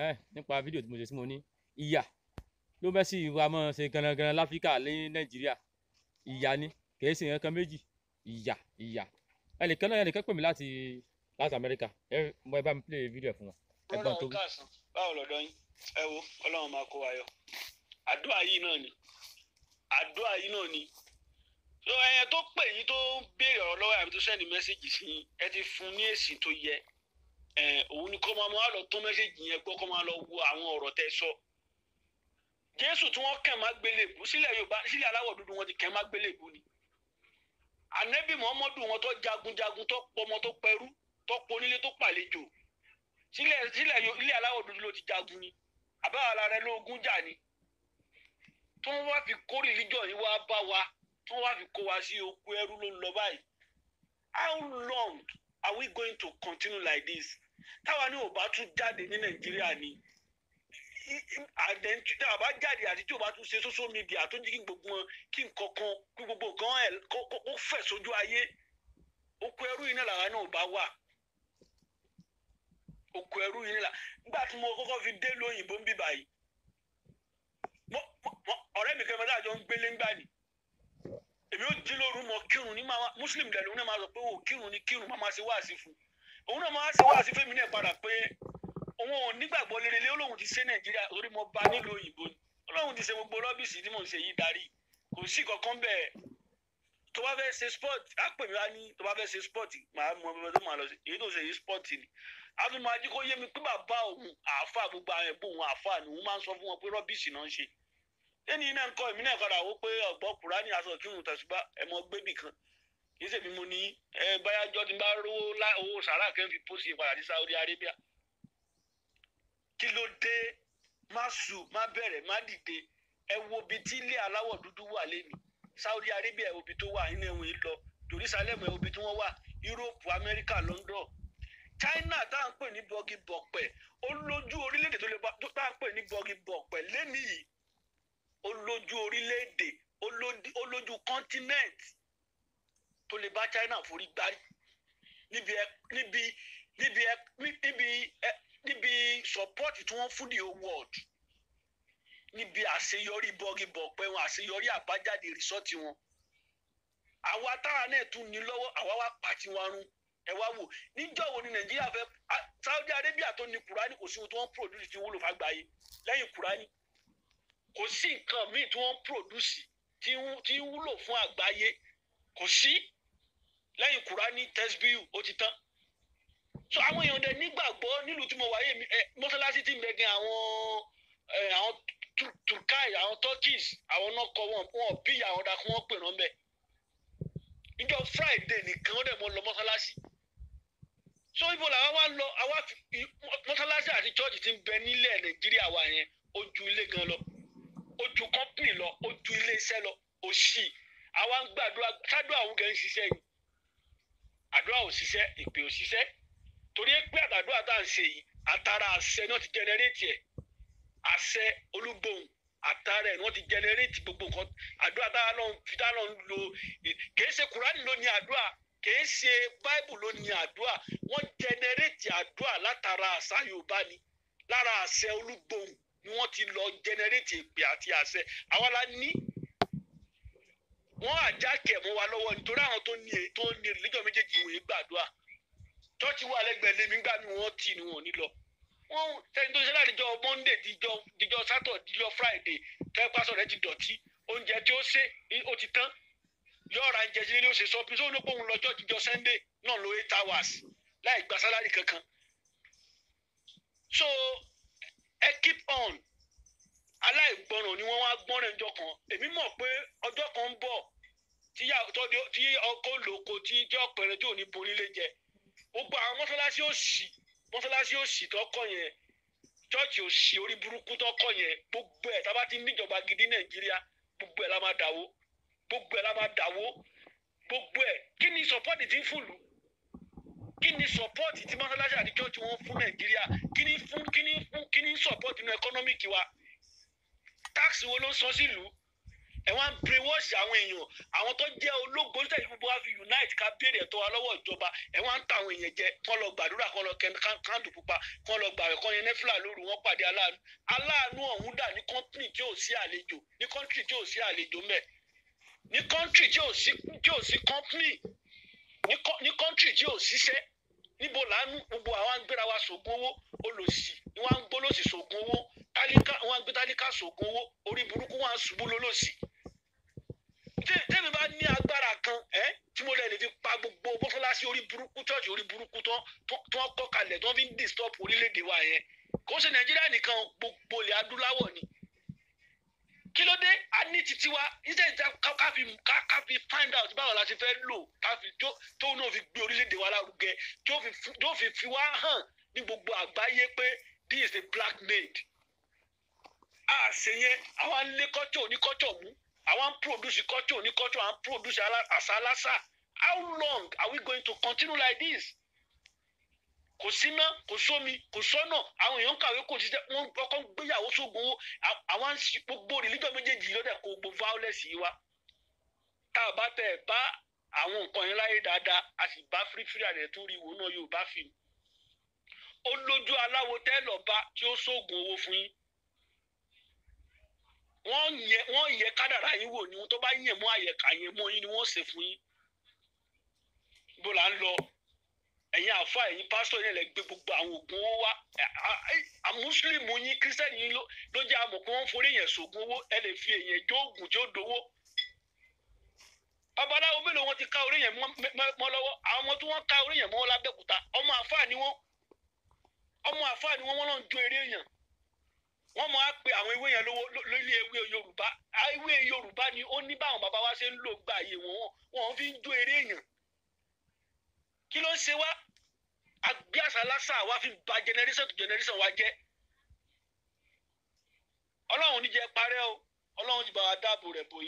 Eh, nípa fídíò tí mo ṣe sí mo ní ìyà ló bẹ́ sí ìwà mọ́ ṣe gangan láfíríkà ní nàìjíríà ìyà ni kìí ṣe nǹkan méjì ìyà ìyà ẹnìkan náà ẹnìkan pè mí láti láti amẹ́ríkà ẹ mọ ẹ bá mi play fídíò ẹ fún wọn. ẹgbọn tó báwo lọ́dọ̀ yín ẹ wo ọlọ́run máa kó wa àdúrà yìí náà ni àdúrà yìí náà ni ẹyẹ tó pè yín tó béèrè ọ̀rọ̀ lọ́wọ́ àbí tó sẹ́ni mẹ́sẹ̀gì sí ẹ ti fún ní èsì tó yẹ òun ni kó máa máa lọ tó mẹ́sẹ̀gì yẹn gbọ́ kó máa lọ wo àwọn ọ̀rọ̀ tẹ́ sọ. jésù tí wọ́n kàn má gbélébú sílẹ̀ yorùbá sílẹ̀ aláwọ̀ dúdú wọn ti kàn má gbélébú ni. ànẹ́bí muhammadu wọn tó jagunjagun tó pọmọ tó pẹrú tó ponílé tó pàlejò sílẹ̀ ilé aláwọ̀ dúdú ló ti jagun ni àbáwọ̀ rẹ lóògùn jà ni. tí wọ́n wá fi kó rìlíjọ̀ yìí wá bá wa tí wọ́n wá fi kó wa sí oko ẹrú ló ń lọ báyìí. how long are we going to continue like this? táwa náà ò bá tún jáde ní nàìjíríà ni àdẹ̀ntúdà àbá jáde àti tí o bá tún ṣe social media tó jí kí gbogbo wọn kí nǹkan kan kí gbogbo nǹkan ẹ̀ kó fẹ̀ sójú ayé oko ẹrú yìí náà làwa náà ò bá wà oko ẹrú yìí náà nígbà tí mo kọ́kọ́ fi dé lóyìnbó ń bí báyìí ọ̀rẹ́ mi kẹ́mi dájọ́ ń gbélé ńgbà ni èmi ó jí lóru mọ kírun ní máa muslim dẹ̀lú ní máa sọ pé o kírun ní kírun máa ma ṣe wáàsí fún un òun náà máa ṣe wá sí fẹ́mi náà padà pé òun ò nígbàgbọ́ lérelé olóhùn ti ṣe nàìjíríà lórí mo bá nílùú òyìnbó ni olóhùn ti ṣe gbogbo rọ́bìsì tí mò ń ṣe yìí darí kò sí kankan bẹ́ẹ̀ tó bá fẹ́ ṣe sport á pè mí wá ní tó bá fẹ́ ṣe sport màá mọ ọmọ tó máa lọ sí èyí tó ṣe yìí sport ni a tún máa jí kó yé mi pé bàbá òun àáfà gbogbo àwọn ẹ̀bùn òun àáfà ni òun máa ń sọ fún wọn pé rọ́bìsì náà ń ṣe ẹni iná ń kọ́ èmi náà padà wó pé ọ̀gbọ́ kùránì aṣọ kírun tẹ̀síbá ẹ̀mọ́ gbébì kan kì í ṣèbí mo ní ẹ báyájọ́ ti bá rówó owó sàrà kẹ́hìn fi pósì padà sí Saudi Arabia kí ló dé má sùn má bẹ̀rẹ̀ má dìde ẹ wo bi tí ilé aláwọ̀ dúdú wà lẹ́nu Saudi Arabia ẹ wo bi tó wà nínú ẹ̀wọ̀n yìí lọ Jerusalem ẹ tí wọ́n wà Europe America London China tá à ń pè ní bọ́gì bọ̀pẹ̀ ó lójú orílẹ̀-èdè tó lè bá tá à ń pè ní bọ́gì bọ̀pẹ̀ lẹ́nu yìí ó orílẹ̀-èdè ó continent tó lè bá China forí gbárí níbi níbi níbi níbi níbi support tí wọ́n fún the whole world níbi àṣeyọrí bọ́gibọ̀pẹ́ wọn àṣeyọrí àbájáde rìsọ́ọ̀tì wọn àwa táwa náà tún ní lọ́wọ́ àwa wá pàtí wọn rún ẹ wá wò níjọ́ wo ni Nàìjíríà fẹ́ Saudi Arabia tó ní Kùránì kò sí ohun tí wọ́n produce tí wúlò fàgbáyé lẹ́yìn Kùránì kò sí nǹkan míì tí wọ́n produce tí ń wúlò fún àgbáyé kò sí. Si lẹ́yìn kúránì tẹ́sbíù ó ti tán so àwọn èèyàn dẹ nígbàgbọ́ nílùú tí mo wáyé mọ́sálásí ti ń bẹ gan àwọn àwọn turkai àwọn turkeys àwọn náà kọ wọn wọn bí àwọn ọ̀dà kí wọ́n pè rán bẹ́ẹ̀ níjọ́ friday nìkan ó dẹ̀ mọ́ lọ mọ́sálásí so ibo làwa wá lọ àwa mọ́sálásí àti chọ́ọ̀chì ti ń bẹ nílẹ̀ nàìjíríà wa yẹn ó ju ilé gan lọ ó ju kọ́pìnì lọ ó ju ilé iṣẹ́ lọ òṣì àwa ń gbàdúrà sádùn àwọn ń ṣiṣẹ́ yìí àdúrà ò ṣiṣẹ́ ìpè ò ṣiṣẹ́ torí pé àdàdúrà tá à ń ṣe yìí àtàrà àṣẹ náà ti jẹnẹrétì ẹ̀ àṣẹ olúgbòhùn àtàrà ẹ̀ náà ti jẹnẹrétì gbogbo nǹkan àdúrà tá a lọ fi tá a lọ lo kìí ṣe kùránì ló ní àdúrà kìí ṣe báìbù ló ní àdúrà wọ́n jẹnẹrétì àdúrà látara àṣà yorùbá ni lára àṣẹ olúgbòhùn ni wọ́n ti lọ jẹnẹrétì ìpè àti àṣẹ àwa la ní wọ́n àjákè mọ́ wa lọ́wọ́ nítorí àwọn tó ní èyí tó ní religion méjèèjì wọ́n gbàdúrà church wà lẹ́gbẹ̀ẹ́ lèmi gbà mí wọ́n tì ní wọn ní lọ wọ́n tó ṣe láti jọ monday dijọ́ dijọ́ saturday dijọ́ friday tẹ́ rẹ ti dọ̀tí oúnjẹ tí ó ṣe ó ti tán yọ̀ọ̀ra ń jẹ sí nílé ó ṣe sọ ló pòun lọ church jọ sunday náà lo eight láì gba sálárì kankan so ìgbọràn ni wọ́n wá gbọ́ràn ọjọ́ kan èmi mọ̀ pé ọjọ́ kan ń bọ̀ tí ọkọ̀ lóko tí jẹ́ ọ̀pẹ̀rẹ̀ tí ò ní borí lè jẹ gbogbo àwọn mọ́ṣáláṣí òsì mọ́ṣáláṣí òsì tọkọ yẹn chọ́ọ̀chì òsì orí burúkú tọkọ yẹn gbogbo ẹ̀ tábà ti níjọba gidi nàìjíríà gbogbo ẹ̀ la máa dàwó gbogbo ẹ̀ la máa dàwó gbogbo ẹ̀ kí ni sọ́pọ́ọ̀tì ti ń fùlù kí ni sọ́pọ́ọ̀tì tí mọ́ṣáláṣí àti chọ́ọ̀chì wọn fún nàìjíríà kí ni fún kí ẹkọ́nọ́mìkì wa táàsì wo ló ń san sílùú ẹ wá ń brainwash àwọn èèyàn àwọn tó jẹ́ ológun tó tẹ̀lé gbogbo wa fi unite ká béèrè ẹ̀tọ́ wa lọ́wọ́ ìjọba ẹ wá ń ta àwọn èèyàn jẹ kán lọ gbàdúrà kán lọ kándù pupa kán lọ gbàwẹ̀ kán yẹn nẹ́fìlà lóru wọn pàdé aláàánú aláàánú ọ̀hún dà ní kọ́ńtì tí ò sí àlejò ní kọ́ńtì tí ò sí àlejò mẹ́ ní kọ́ńtì tí ò sí tí ò sí kọ́ńtì ní kọ́ńtì tí ò síṣẹ́ níbo làánú gbogbo àwọn agbéra wa sògùn owó olòṣì ni wọ́n á ń gbólóṣì sògùn owó tálíkà wọn á gbé tálíkà sògùn owó orí burúkú wọn á ṣubú lólòsì bá ní agbára kan ẹ́ tí mo lẹ́nu fi pa gbogbo mọ́ṣáláṣí orí burúkú chọ́ọ̀chì orí burúkú tó ń kọ́ kalẹ̀ tó fi ń disturb orílẹ̀ wa yẹn kò ṣe nàìjíríà nìkan gbogbo ilẹ̀ adúláwọ̀ ni kí ló dé a ní títí wa instead ká fi ká fi find out báwo la ṣe fẹ́ lò ká fi tó náà fi gbé orílẹ̀ wa lárugẹ tó fi fi wá hàn ní gbogbo àgbáyé pé this is a black maid àṣeyẹ àwọn lé kọ́tọ̀ oníkọ́tọ̀ mú àwọn produce kọ́tọ̀ oníkọ́tọ̀ àwọn produce àṣà aláṣà how long are we going to continue like this? kò síná kò sómi kò sọ́nà àwọn èèyàn kàwé kò sí wọn ọkọ gbéyàwó sógun owó àwọn gbogbo religion méjèèjì lọ́dẹ̀ kò gbogbo violence yìí wá tá a bá tẹ̀ bá àwọn nǹkan yẹn láyé dáadáa a sì bá fírífírí àdẹ tó rí ìwò náà yóò bá fi ó lójú aláwo tẹ́lọ̀ bá tí ó sóògùn owó fún yín wọ́n yẹ wọ́n yẹ kádàrá yín wò ni wọ́n tó bá yẹ̀ mọ́ àyẹ̀ká yẹn mọ́ yín ni wọ́n ṣe fún yín bó là ń lọ ẹ̀yin àfa ẹ̀yin pásítọ̀ yẹn lẹ gbé gbogbo àwọn oògùn owó wá mùsùlùmù yín kírísítẹ́nì yín ló jẹ́ àmọ̀ pé wọ́n forí yẹn sògùn owó ẹ lè fi èèyàn jó oògùn jó dowó babaláwo mélòó wọn ti ká orí yẹn mọ́ lọ́wọ́ àwọn ọmọ tí wọ́n ká orí yẹn mọ́ lábẹ́kúta ọmọ àfa ni wọ́n ọmọ àfa ni wọ́n wọ́n lọ́n jó eré yẹn wọ́n mọ̀ á pe àwọn ewé yẹn lówó lórí ewé yorùbá ewé yorùbá ni ó ní báwọn bàbá wa ṣe ń lò gba àyè wọn wọn fi ń jó eré èèyàn kí ló ń ṣe wá àgbẹ̀ àṣà lásà wa fi ba generation to generation wa jẹ́ ọlọ́run ní jẹ́ parẹ́ o ọlọ́run ti bá wa dáàbò rẹ̀ bò